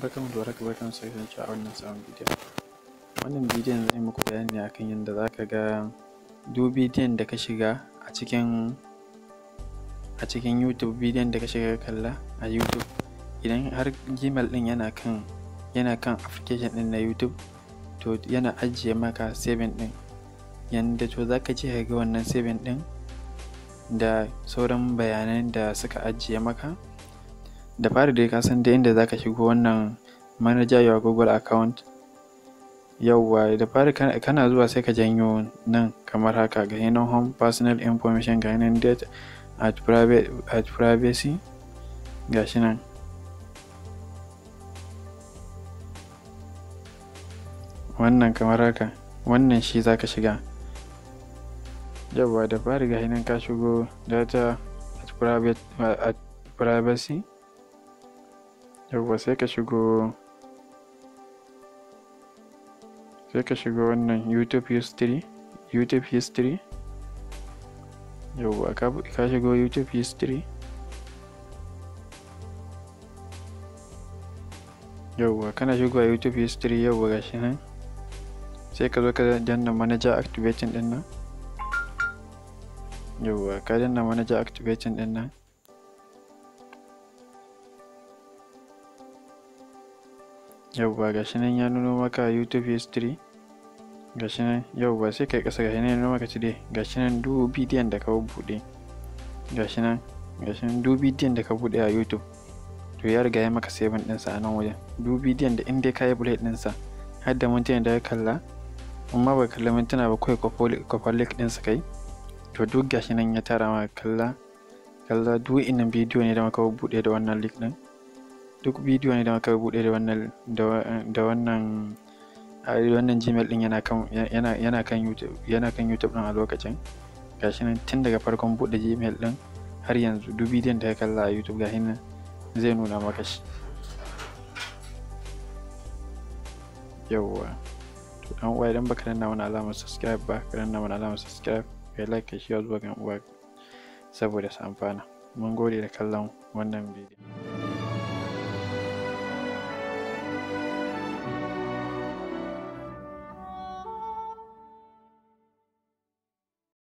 barkan da warhaka barkan mu sake a wannan sabon bidiyon wannan bidiyon zai muku bayani a akan yadda za ka ga duk bidiyon da ka shiga a cikin a cikin youtube bidiyon da ka shiga kalla a youtube idan har gmail din yana kan yana kan application din na youtube to yana ajiye maka saving din yanda to za ka ka ga wannan saving ɗin da sauran bayanan da suka ajiye maka da fari dai ka san da inda zaka shigo wannan manager your google account yauwa da fari kana zuwa sai ka janyo nan kamar haka ga nan home personal information ga nan date at, private, at privacy ga shi nan wannan kamar haka wannan shi zaka shiga yauwa da fari ga nan ka shigo data at, private, at privacy vou sai ka shigo Você ka chegou wannan youtube history youtube history yauwa ka shigo youtube history yauwa kana shigowa youtube history yauwa gashi nan sai ka vai fazer danna manager activating din nan yauwa ka danna manager activating yauwa gashi nan ya nuno maka youtube history gashi nan yauwa sai kai kasa gashi nan ya nuno maka today gashi nan duk bidiyon da ka buɗe gashi nan gashi nan duk bidiyon da ka bude a youtube to ya riga ya maka saving din sa a nan wajen duk bidiyon da inda ka yi din sa har da mintuna da kalla amma ba kalla mintuna ba kawai kwafar din sa kai to duk gashi nan ya tara maka kalla kalla duk innan bidiyo ne da maka buɗe da wannan link ɗin duk bidiyo ne da muka bude da wannan da wannan wannan gmail din yana kan yana yana kan youtube yana kan youtube din a lokacin gashi nan tun daga farkon bude gmail din har yanzu duk bidiyon da ya kalla a youtube gashi nan zai nuna maka shi yawwa to dan uwa idan baka danna wani alamar subscribe ba ka danna wani alamar subscribe kai like ka shi zuwa ga uwa saboda su amfana mun gode da kallon wannan bidiyo